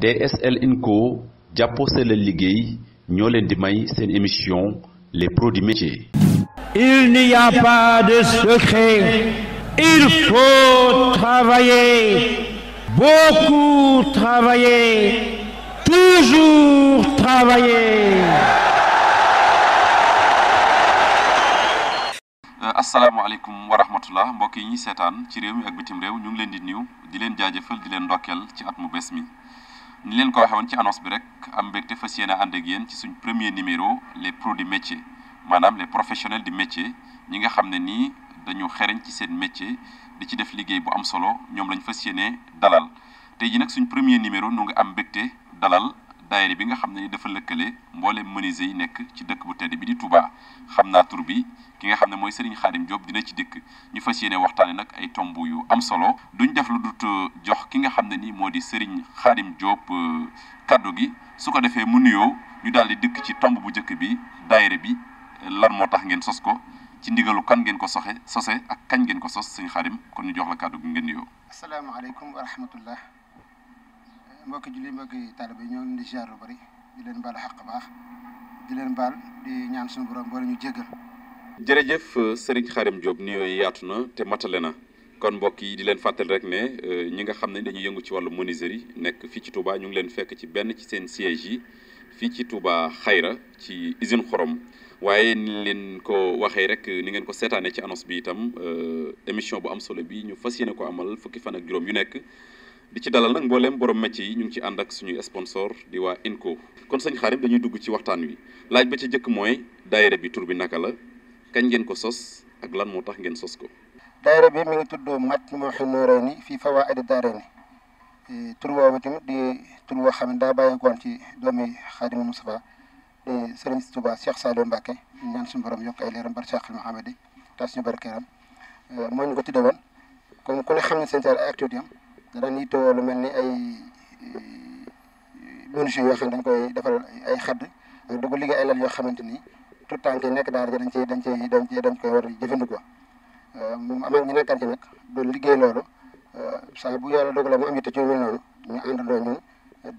DSL Inco jàppoo seen liggéey ñoo leen di may seen émission les pros du métier. Il n'y a pas de secret. Il faut travailler. Beaucoup travailler. Toujours travailler. Euh, mbokk yi seetaan ci ñu leen di nuyu di leen jaajëfal ci at ni leen ko waxee ci annonce bi rek am mbégte fas yéene ànd yéen ci suñ premier numéro les pros du métier maanaam les professionnels du métier ñi nga xam ne nii dañu xereñ ci seen métier di ci def liggéey bu am solo ñoom lañ fas yéene dalal tey ji nag suñ premier numéro nu ngi am mbégte dalal daayira bi nga xam ne ni dafa lëkkale mboolem menuisier yi nekk ci dëkk bu tedd bi di tubaa xam naa tur bi ki nga xam ne mooy Serigne Khadim Diop ci dikk ñu fas yéene waxtaane nag ay tomb yu am solo duñ def lu dut euh, jox ki nga xam ne ni moo di Serigne Khadim Diop euh, kaddu gi su ko defee mu nuyoo ñu daal di dikk ci tomb bu njëkk bi daayira bi lan moo tax ngeen sos ko ci ndigalu kan ngeen ko soxe sose ak kañ ngeen ko sos Serigne Khadim kon ñu jox la kaddu gi ngeen nuyoo. asalaamaaleykum wa rahmatullah mbokki julli mbokki taalibe ñoo ngi di ziar lu bari di leen baal xaq baax di leen baal di ñaan suñu borom boole ñu jéggal. jërëjëf euh, Serigne Khadim Diop nuyoo yaatu na te matale na kon mbokk yi di leen fàttali rek ne euh, ñi nga xam ne dañuy yëngu ci wàllu menuiserie nekk fii ci Touba ñu ngi leen fekk ci benn ci seen siège fi fii ci Touba Xayra ci usine xorom waaye ni leen ko waxee rek ni ngeen ko seetaanee ci annonce bi itam euh, émission bu am solo bi ñu fas yéene ko amal fukki fan ak juróom yu nekk. di ci dalal nag mbooleem borom métier yi ñu ngi ci ànd ak suñuy sponsor di waa INCO kon sëñ Xaadim dañuy dugg ci waxtaan wi laaj ba ci njëkk mooy daayira bi tur bi naka la kañ ngeen ko sos ak lan moo tax ngeen sos ko. daayira bi mi ngi tudd Majmahun Nurayni fii Fawaaidi Daarayni e, tur boobu tamit di boo xam ne daa bàyyikoon ci la doomi Xaadimu Mustafaa di sëriñ Tuubaa Cheikh Saliou Mbacké ñaan suñu borom yokk ay leeram bar Cheikh Mouhamadi tas ñu barkeeram e, moo ñu ko tudde woon comme ku ne xam ne seen activité am danañ yittewoo lu mel ni ay menuisier yoo xam ne dañ koy defal ay xadd ak dugg liggéey ay lal yoo xamante ni tout temps nekk daara dañ cee dañ cee dañ cee dañ koy war jëfandikoo moom amaat ñu nekkaan ci nag doon liggéey loolu euh, saa bu yàlla dogalee mu am yitte ci lu mel noonu ñu àndandoo ñun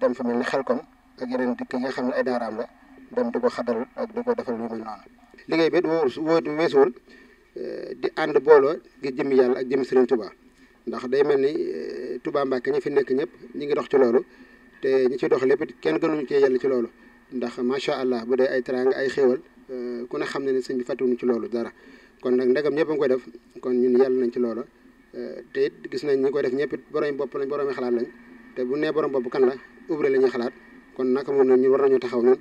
dem fa mel ni xel kon ak yeneen dikk yi nga xam ne ay daaraam la dem di ko xaddal ak di defal lu mel noonu. liggéey bi it wóor su wóor euh, di ànd booloo gi jëmmi yàlla ak jëmmi Serigne Touba. ndax day mel ni eh, Touba mbaak ñi fi nekk ñëpp ñi ngi dox ci loolu te ñu ci dox lépp kenn gënuñu cee yell ci loolu ndax macha allah bu dee ay teraanga ay xéewal eh, ku ne xam ne ne sëñ bi fàttuñu ci loolu dara kon nag ndegam ñëpp a ngi def kon ñun yàlla nañ ci loola eh, te it gis nañ ñi koy def ñëpp it borom bopp lañ boroomi xalaat lañ te bu nee borom bopp kan la ouvre la ñuy xalaat kon naka moom na ñu war nañu taxaw noonu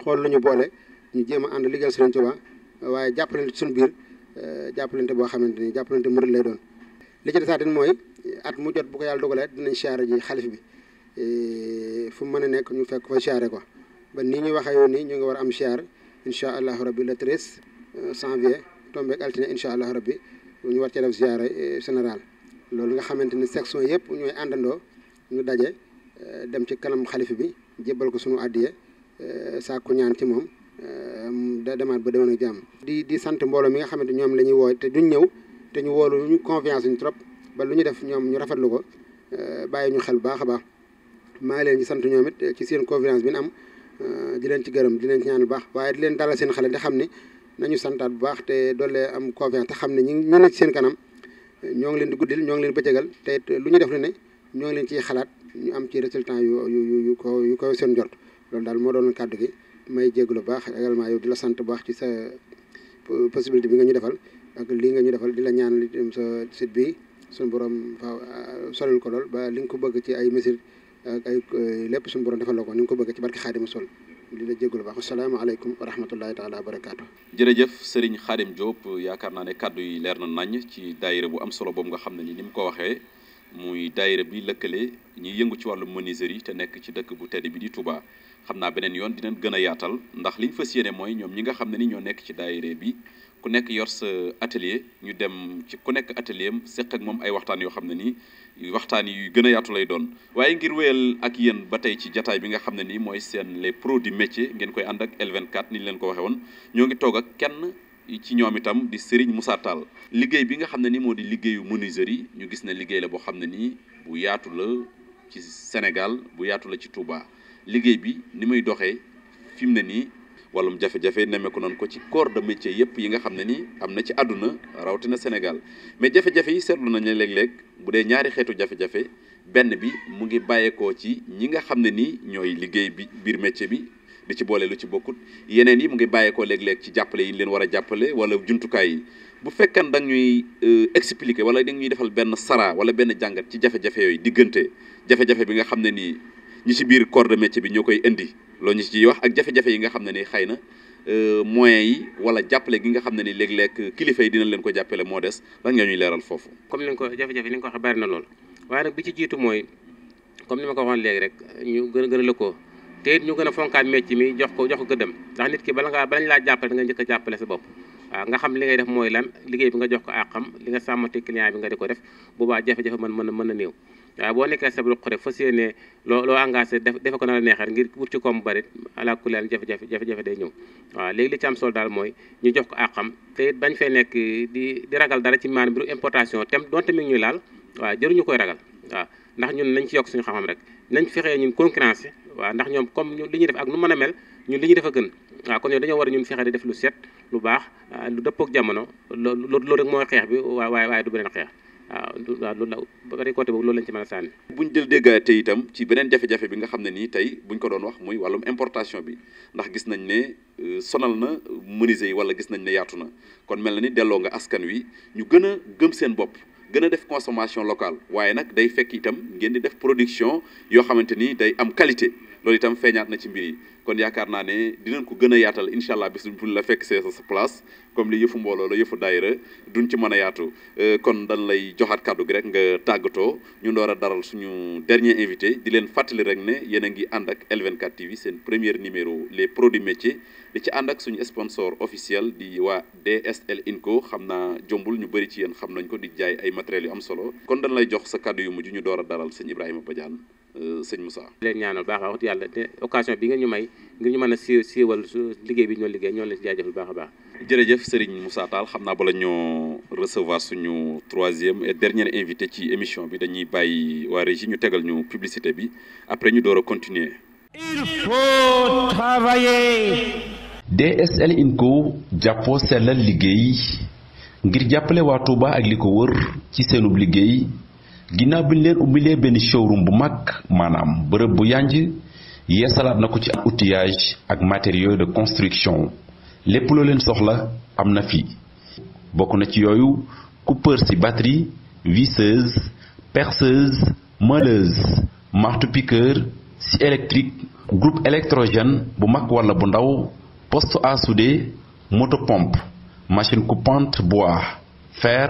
xool lu ñu boole ñu jéem a ànd liggéeyal Sëriñ Tuubaa waaye jàppalante ci suñu biir jàppalante boo xamante ni jàppalante murid lay doon li ci desaatin mooy at mu jot bu ko yàlla dogalee dinañ siyaare ji xalif bi e, fu mu mën a nekk ñu fekk fa siyaare ko ba ni ñu waxee yoon nii ñu ngi war am siyaar incha allah rabbi le treize e, janvier tombeek altine incha allahu rabbi ñu war cee def siyaare e, général loolu nga xamante ni section yëpp ñooy àndandoo ñu daje dem ci kanam xalif bi jébbal ko suñu addiye sàkku ñaan ci moom da demaat ba déwén ak jàmm di di sant mbooloo mi nga xamante ñoom la ñuy wooy te duñ ñëw te ñu wóolu ñu confiance ñu trop ba lu ñu def ñoom ñu rafet lu ko euh, bàyyi ñu xel bu baax a baax maa ngi leen di sant ñoom it ci seen confiance bi na am euh, di leen ci gërëm di leen ci ñaan bu baax waaye di leen dalal seen xale te xam ne nañu santaat bu baax te doole am confiance te xam ne ñu ñu nekk ci seen kanam ñoo ngi leen di guddil ñoo ngi leen bëccëgal te it lu ñu def lu ne ñoo ngi leen ciy xalaat ñu am ci résultant yu yu ko yu ko seen jot loolu daal moo doon kàddu gi may jégalu baax également yow la sant bu baax ci sa euh, possibilité bi nga ñu defal ak lii nga ñu defal di la ñaanal itam sa site bi suñu borom faaw ah, solal ko lool ba li nga ko bëgg ci ay mesures ak ay eh, lépp suñu borom defal la ko ni nga ko bëgg ci barke Xaadim sol li la jégalu baax asalaamaaleykum wa rahmatullahi taala wa barakaatu. jërëjëf sëriñ Xaadim Diop yaakaar naa ne kàddu yi leer na nañ ci daayira bu am solo boobu nga xam ne ni ni mu ko waxee muy daayira bi lëkkale ñiy yëngu ci wàllu yi te nekk ci dëkk bu tedd bi di Touba. xam naa beneen yoon dinañ gën a yaatal ndax liñ fas yéene mooy ñoom ñi nga xam ne ni ñoo nekk ci daayira bi ku nekk yor sa atelier ñu dem ci ku nekk atelier am ak moom ay waxtaan yoo xam ne nii waxtaan yu gën a yaatu lay doon waaye ngir wéyal ak yéen ba tey ci jataay bi nga xam ne nii mooy seen les produit du métier ngeen koy ànd ak L24 ni leen ko waxee woon ñoo ngi toog ak kenn ci ñoom itam di Serigne Moussa taal liggéey bi nga xam ne nii moo di liggéeyu menuiserie yi ñu gis ne liggéey la boo xam ne nii bu yaatu la ci Sénégal bu yaatu la ci Touba liggéey bi ni muy doxee fi mu ne nii wàllum jafe-jafe nemmeeku nañ ko ci corps de métier yëpp yi nga xam ne ni am na ci àdduna rawatina Sénégal mais jafe-jafe yi seetlu nañ ne léeg-léeg bu dee ñaari xeetu jafe-jafe benn bi mu ngi bàyyeekoo ci ñi nga xam ne nii ñooy liggéey bi biir métier bi di ci boole lu ci bokkut yeneen yi mu ngi bàyyeekoo léeg-léeg ci jàppale yi leen war a jàppale wala jumtukaay yi bu fekkan da ñuy euh, expliqué wala da ñuy defal benn sara wala benn jàngat ci jafe-jafe yooyu diggante jafe-jafe bi nga xam ne nii ñi ci biir corps de métier bi ñoo koy indi loolu ñu ci wax ak jafe-jafe yi nga xam ne ni xëy na euh, moyens yi wala jàppale gi nga xam ne ni léeg lekk kilifa yi dinañ leen ko jàppale moo des lan nga ñuy leeral foofu. comme ni nga ko jafe-jafe ni na lool waaye nag bi ci jiitu mooy comme ni ma ko waxoon léegi rek ñu gën a gën a te it ñu gën a fonkaat métier mi jox ko jox ko gëddam ndax nit ki bala ngaa balañ laa jàppale da nga njëkk jàppale sa bopp. waaw nga xam li ngay def mooy lan liggéey bi nga jox ko àqam li nga sàmmati client bi nga di ko def boobaa jafe-jafe man mën a mën a néew waaye boo nekkee sa xure fas yéene loo loo engagé def defe ko na la ngir wut ci koom barit ala kuleel jafe-jafe jafe-jafe day ñëw waaw léegi li ci daal mooy ñu jox ko xam te it bañ fee nekk di di ragal dara ci maanaam mbiru importation tem donte mi ñu laal waaw jëruñu koy ragal waaw ndax ñun nañ ci yokk suñu xam-xam rek nañ fexe ñun concurrence waa ndax ñoom comme li ñuy def ak nu mën a mel ñun li ñu def a gën waaw kon ñoom dañoo war a ñun fexe di def lu set lu baax lu dëppook jamono loolu rek mooy xeex bi waaye waaye du beneen xeex waaw loolu la ba côté boobu loolu lañ ci mën a bu ñu jël déggaate itam ci beneen jafe-jafe bi nga xam ne nii tey bu ñu ko doon wax muy wàllum importation bi ndax gis nañ ne euh, sonal na menuisier yi wala gis nañ ne yaatu na kon mel na ni delloo nga askan wi ñu gën a gëm seen bopp gën a def consommation locale waaye nag day fekk itam ngeen di def production yoo xamante ni day am qualité. loolu itam feeñaat na ci mbir yi kon yaakaar naa ne dinañ ko gën a yaatal incha allah bis buñ la fekk see sa place comme li yëfu mbooloo la yëfu daayira duñ ci mën a yaatu euh, kon dañ lay joxaat kàddu gi rek nga tàggatoo ñu door a daral suñu dernier invité di leen fàttali rek ne yéen a ngi ànd ak L24 TV seen premier numéro les produits métiers di ci ànd ak suñu sponsor officiel di waa DSL Inco xam naa jombul ñu bëri ci yéen xam nañ ko di jaay ay matériels yu am solo kon dañ lay jox sa kàddu yu mujj ñu door a daral sëñ Ibrahima Badiane Euh, sëñ Moussa leen ñaanal baax a wax yàlla te occasion bi nga ñu may ngir ñu mën a si siiwal liggéey bi ñoo liggéey ñoo leen si jaajëfal baax a baax jërëjëf Serigne Moussa Tall xam naa bala ñoo recevoir suñu troisième et dernier invité ci émission bi dañuy bàyyi waa régie ñu tegal ñu publicité bi après ñu door a continuer il faut travailler DSL jàppoo sellal liggéey ngir jàppale waa Touba ak li ko wër ci seenub liggéey ginnaaw bi ñu leen ubbilee benn showroom bu mag maanaam bërëb bu yànj yeesalaat na ko ci outillage ak matériaux de construction lépp loo leen soxla am na fi bokk na ci yooyu coupeur ci batterie visseuse perceuse meuleuse marteau piqueur scie électrique groupe électrogène bu mag wala bu ndaw poste à souder moto pompe machine coupante bois fer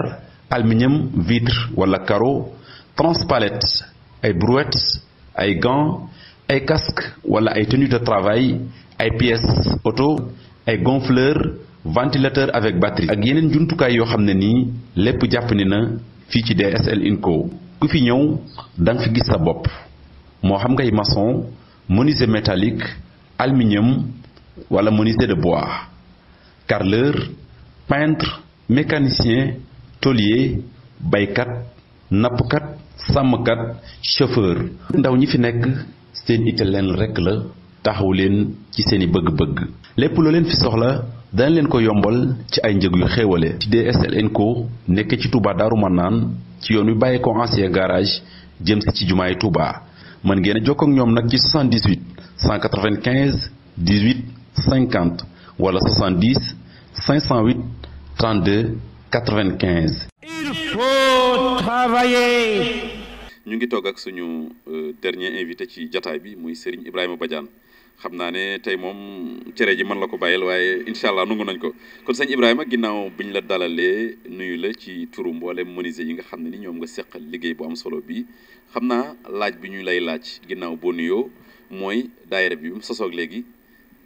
aluminium vitre wala carreau transpalettes ay brouettes ay gants ay casques wala ay tenues de travail ay pièces auto ay gonfleurs ventilateur avec batterie ak yeneen jumtukaay yoo xam ne nii lépp jàpp ni na fii ci DSL INCO ku fi ñëw da nga fi gis sa bopp moo xam ngay maçon menuisier métallique aluminium wala menuisier de bois carreleur peintre mécanicien tôlier baykat nappkat sàmmkat chauffeur ndaw ñi fi nekk seen itte leen rekk la taxaw leen ci seeni bëgg-bëgg lépp loo leen fi soxla dana leen ko yombal ci ay njëg yu xéewale ci DSLN Co nekk ci tubaa Daaru Manaan ci yoon wi bàyyi ko ancien garage jëm si ci jumaay Touba mën ngeen a jokkoo ak ñoom nag ci 78 195 18 50 wala 70 508 32 95 faut travailler. ñu ngi toog ak suñu euh, dernier invité ci jataay bi muy Serigne Ibrahima Badiane xam naa ne tey moom cere ji man la ko bàyyil waaye incha allah nangu nañ ko kon sëñ Ibrahima ginnaaw biñ la dalalee nuyu la ci turu mboolem menuisier yi nga xam ne ni ñoom nga seqal liggéey bu am solo bi xam naa laaj bi ñu lay laaj ginnaaw boo nuyoo mooy daayira bi mu sosoog léegi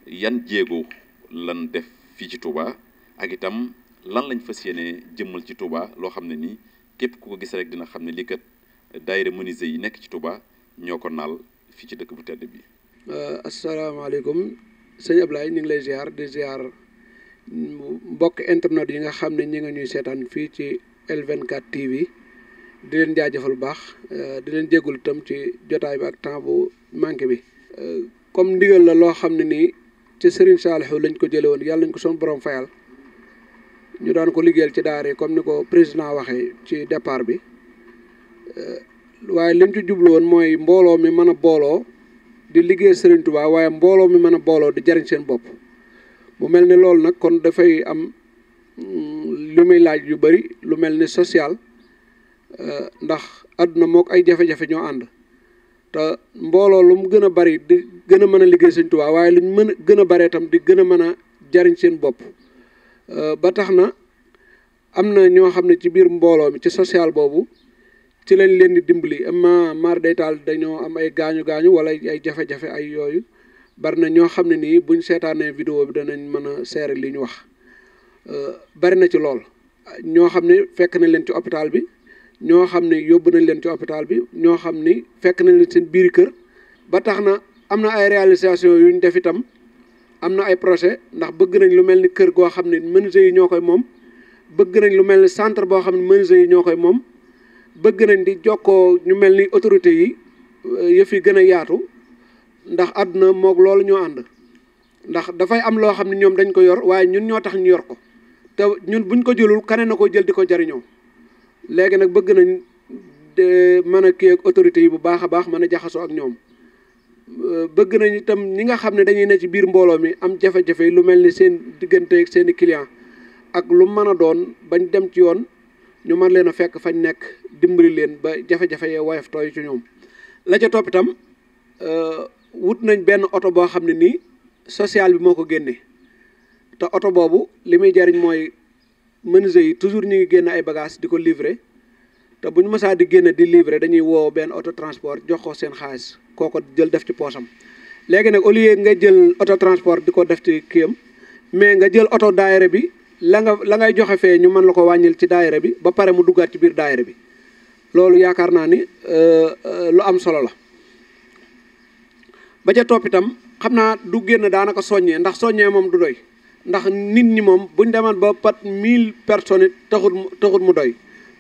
yan jéego lan def fii ci Touba ak itam. lan lañ fas yéene jëmmal ci Touba loo xam ne nii képp ku ko gis rek dina xam ne lii kat daayira menuisier yi nekk ci Touba ñoo ko naal fii ci dëkk bu tedd bi. Euh, asalaamaaleykum sëñ Ablaye ñu ngi lay ziar di ziar mbokk internet yi nga xam ne ñi nga ñuy seetaan fii ci L24 TV. di leen jaajëfal bu baax euh, di leen jéggul itam ci jotaay bi ak temps bu manqué bi euh, comme ndigal la loo xam ne nii ci Serigne Saliou lañ ko jële woon yàlla nañ ko soon borom fayal ñu daan ko liggéeyal ci daar yi comme ni ko président waxee ci départ bi euh, waaye lim ci jublu woon mooy mbooloo mi mën a booloo di liggéey Serigne Touba waaye mbooloo mi mën a booloo di jariñ seen bopp mu mel ni loolu nag kon dafay am mm, lu muy laaj yu bari lu mel ni social euh, ndax àdduna mook ay jafe-jafe ñoo ànd te mbooloo lu mu gën a bari di gën a mën a liggéey Serigne Touba waaye luñ mën a gën a bari di gën a mën a jariñ seen bopp Euh, ba tax na am na ñoo xam ne ci biir mbooloo mi ci sociale boobu ci lañ leen di dimbali ama maar dañoo am ay gaañu gaañu wala ay jafe-jafe ay yooyu bari na ñoo xam ne nii buñ seetaanee video bi danañ mën a seere li ñu wax euh, bari na ci lool ñoo xam ne fekk nañ leen ci hôpital bi ñoo xam ne yóbbu nañ leen ci hôpital bi ñoo xam ni fekk nañ leen seen biir kër ba tax na am na ay réalisation yuñ def itam am na ay projet ndax bëgg nañ lu mel ni kër goo xam ne menuisier yi ñoo koy moom bëgg nañ lu mel ni centre boo xam ne menuisier yi ñoo koy moom bëgg nañ di jokkoo ñu mel ni autorité yi euh, yëf yi gën a yaatu ndax àdduna moog loolu ñoo ànd ndax dafay am loo xam ne ñoom dañ ko yor waaye ñun ñoo tax ñu yor ko te ñun buñ ko jëlul kane na ko jël di ko jariñoo léegi nag bëgg nañ euh, mën a kii ak autorité yi bu baax a baax mën a jaxasoo ak ñoom Euh, bëgg nañu itam ñi nga xam ne dañuy ne ci biir mbooloo mi am jafe-jafe lu mel ni seen diggante ak seen i client ak lu mën a doon bañ dem ci yoon ñu mën leen a fekk fañ nekk dimbali leen ba jafe-jafe yee woyof tooy ci ñoom la ca toppitam itam euh, wut nañ benn oto boo xam ne nii sociale bi moo ko génne te oto boobu li muy jariñ mooy menuisier yi toujours ñu ngi génn ay bagages di ko livrer te bu ñu mësaa di génne di livrer dañuy woo benn auto transport jox ko seen xaalis kooko jël def ci poosam léegi nag au lieu nga jël auto transport ko def ci kiyam mais nga jël auto daayira bi la nga la ngay joxe fee ñu man la ko wàññil ci daayira bi ba pare mu duggaat ci biir daayira bi loolu yaakaar naa ni euh, euh, lu am solo la ba ca toppitam xam naa du génn daanaka soññee ndax soññee moom du doy ndax nit ñi moom buñ demoon ba pat mille personnes it taxul taxul mu doy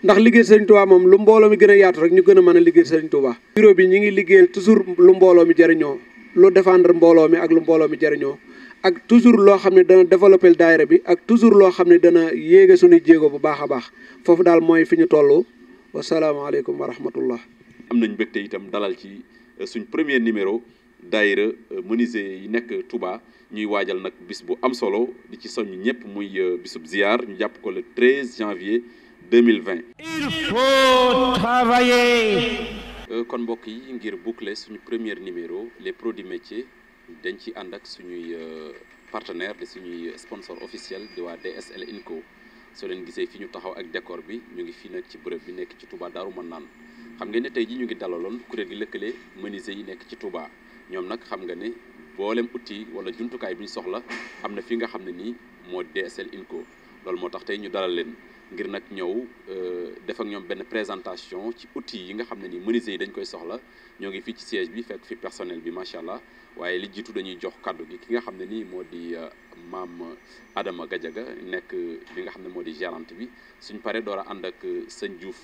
ndax liggéey sëriñ Touba moom lu mbooloo mi gën a yaatu rek ñu gën a mën a liggéey sëriñ Touba bureau bi ñu ngi liggéeyal toujours lu mbooloo mi jariñoo lu défendre mbooloo mi ak lu mbooloo mi jariñoo ak toujours loo xam ne dana développé daayira bi ak toujours loo xam ne dana yéege suñuy jéego bu baax a baax foofu daal mooy fi ñu toll wasalaamaaleykum wa rahmatullah am nañ mbégte itam dalal ci euh, suñ premier numéro daayira euh, menuisier yi nekk tubaa ñuy waajal nag bis bu am solo di ci soññ ñëpp muy euh, bisub ziar ñu jàpp ko le 13 janvier 2020. il faut travailler. Euh, kon mbokk yi ngir boucler suñu premier numéro les pros du métier dañ ci ànd ak suñuy euh, partenaire de suñuy sponsor officiel di waa DSL Inco soo leen gisee fi ñu taxaw ak décor bi ñu ngi fii nag ci bërëb bi nekk ci tubaa Daaru naan xam ngeen ne tey ji ñu ngi dalaloon kuréel gi lëkkale menuisier yi nekk ci Touba ñoom nag xam nga ne boolem outil wala jumtukaay bi ñu soxla am na fi nga xam ne nii moo DSL Inco loolu moo tax tey ñu dalal leen ngir nag ñëw euh, def ak ñoom benn présentation ci outils yi nga xam ne nii menuisier yi dañ koy soxla ñoo ngi fii ci siège bi fekk fi personnel bi macha allah waaye li jiitu dañuy jox kàddu gi ki nga xam ne nii moo di euh, maam Adama Gadiaga nekk li nga xam ne moo di gérante bi suñ paree door a ànd ak euh, sañ Diouf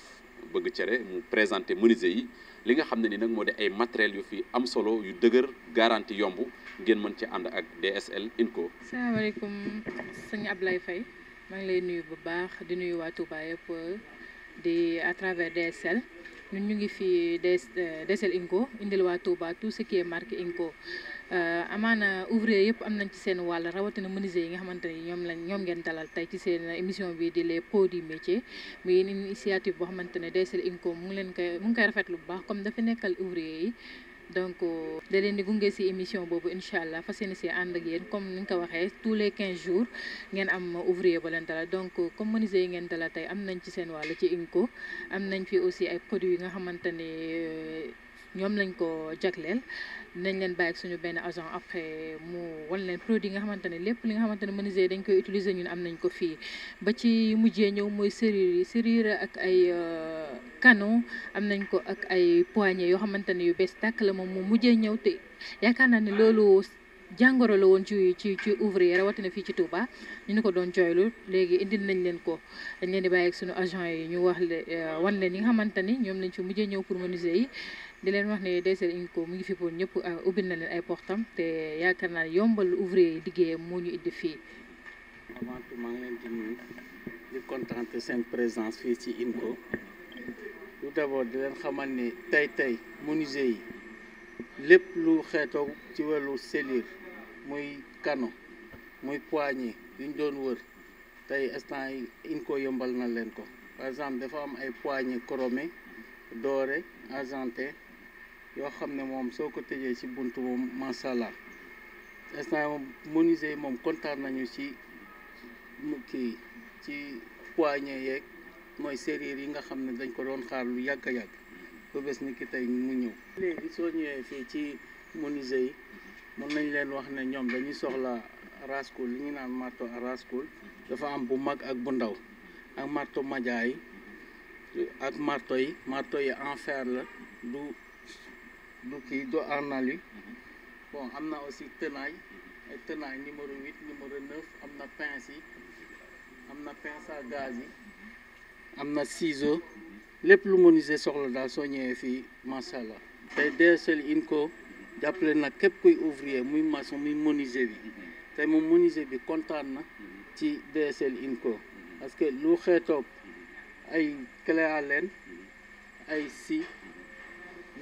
bëgg cere mu présenté menuisier yi li nga xam ne ni nag moo di ay matériels yu fi am solo yu dëgër garanti yomb ngeen mën ci ànd ak DSL INCO. salaamaaleykum sëñ Ablaye Faye. maa ngi lay nuyu bu baax di nuyu waa Touba yëpp di à travers DSL ñun ñu ngi fi DS euh, DSL Inco indil waa Touba tout ce qui est marque Inco euh, amaana ouvrier yëpp am nañ ci seen wàll rawatina menuisier yi nga xamante ni ñoom lañ ñoom ngeen dalal tey ci seen émission bi di les pôles du métier muy une initiative boo xamante ne DSL Inco mu ngi leen koy mu ngi koy rafetlu bu baax comme dafa nekkal ouvrier yi. donc euh, da leen di gunge si émission boobu incha allah fa yéene si ànd ak yéen comme ni nga ko waxee tous les quinze jours ngeen am ouvrier ba leen dalal donc euh, comme menuisier ngeen dalal tey am nañ ci seen wàll ci INCO am nañ fi aussi ay produits yi nga xamante ne euh, ñoom lañ ko jagleel nañ leen bàyyi ak suñu benn agent après mu wan leen produit nga xamante ne lépp li nga xamante ne menuisier dañ koy utiliser ñun am nañ ko fii ba ci mujjee ñëw mooy serrure yi serrure ak ay euh, canon am nañ ko ak ay poignée yoo xamante ne yu bees tàkk la moom mu mujjee ñëw te yaakaar naa ne loolu jàngoro la woon ci ci ci ouvrier rawatina fii ci Touba ñu ne ko doon jooylu léegi indi nañ leen ko dañ leen di bàyyi ak suñu agent yi ñu wax le euh, wan leen yi nga xamante ni ñoom lañ ci mujjee ñëw pour yi di leen wax ne DCL INCO mu ngi fi pour ñëpp euh, ubbil na leen ay portam te yaakaar naa yombal ouvrier yi liggéeyam moo ñu indi fii. avant maa ngi leen di nuyu di kontaan seen présence fii ci INCO tout d'abord di leen xamal ni tey tey menuisier yi lépp lu xeetoo ci wàllu serrure muy kano muy poignée yu ñu doon wër tey instant yi INCO yombal na leen ko par exemple dafa am ay poignée chromée dorée argentée yoo xam ne moom soo ko tëjee ci bunt moom macha allah instant moom menuisier moom kontaan nañu ci kii ci poignée yeeg mooy serrure yi nga xam ne dañ ko doon xaar lu yàgg yàgg ba bés ni ki tey mu ñëw. léegi soo ñëwee fii ci monise yi mën nañ leen wax ne ñoom dañuy soxla raskool li ñu naan marteau à dafa am bu mag ak bu ndaw ak marteau yi ak marteau yi marteau yi en fer la du. du kii do arnal yi mhm. bon am na aussi tenaille mhm. ay tenaille numéro huit numéro neuf am na pince yi am na pince à gaz yi mhm. am na ciseau lépp lu menuisier soxla daal soo ñëwee fii macha allah tey DSL INCO jàppale nag képp kuy ouvrier muy maçon muy menuisier bi tey moom menuisier bi kontaan na ci DSL INCO parce que lu xeetoog ay clé à ay si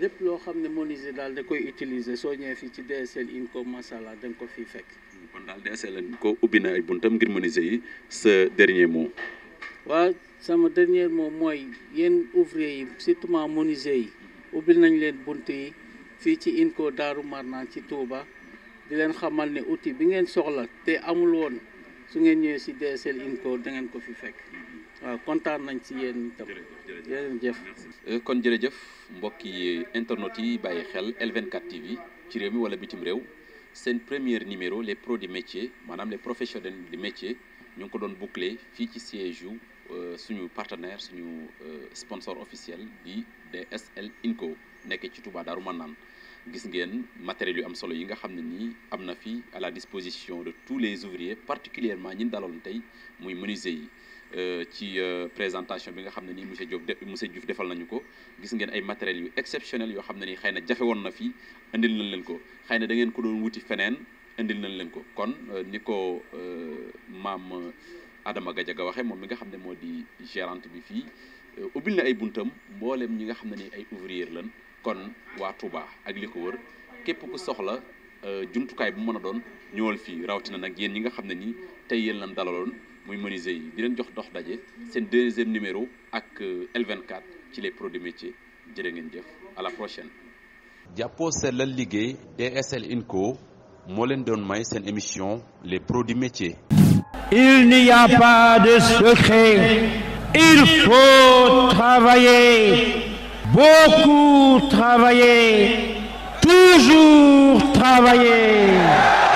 lépp loo xam ne menuisier daal da koy utiliser soo ñëwee fii ci DSL INCO masala da nga ko fii fekk. kon daal DSL ko ubbi na ay buntam ngir menuisier yi sa dernier mot. sama dernier mot mooy yéen ouvrier yi surtout menuisier yi ubbi nañ leen bunt yi fii ci INCO Daaru Marnaan ci Touba di leen xamal ne outil bi ngeen soxla te amul woon su ngeen ñëwee si DSL INCO da ngeen ko fi fekk. waaw kontaan nañ si yéen itam jërëjëf euh, kon jërëjëf mbokki internet yi bàyyi xel L24 TV ci réew mi wala bitim réew seen premier numéro les pros du métier maanaam les professionnels di métier ñu ngi ko doon boucler fii ci siège yu euh, suñu partenaire suñu euh, sponsor officiel di DSL Inco nekk ci Touba Darou Manane gis ngeen matériel yu am solo yi nga xam ne nii am na fi à la disposition de tous les ouvriers particulièrement ñin daloon tey muy menuisier yi Euh, ci euh, présentation bi nga xam ne nii monsieur Diop monsieur Diouf defal nañu ko gis ngeen ay matériels yu exceptionnels yoo xam ne nii xëy na jafe woon na fii indil nañ leen ko xëy na da ngeen ko doon wuti feneen indil nañ leen ko kon euh, ni ko maam Adama Gadiaga waxee moom mi nga xam ne moo di gérante bi fii ubbil na ay buntam mbooleem ñi nga xam ne nii ay ouvrier lañ kon waa Touba ak li ko wër képp ko soxla jumtukaay bu mën a doon ñëwal fii rawatina nag yéen ñi nga xam ne nii tey yéen lañ dalaloon. muy menuisier yi di leen jox dox numéro ak euh, L24 ci les produits métiers jërë ngeen jëf à la prochaine. jàppoo INCO moo leen doon may seen émission les produits métiers. il n'y a pas de secret. il faut travailler. beaucoup travailler. toujours travailler.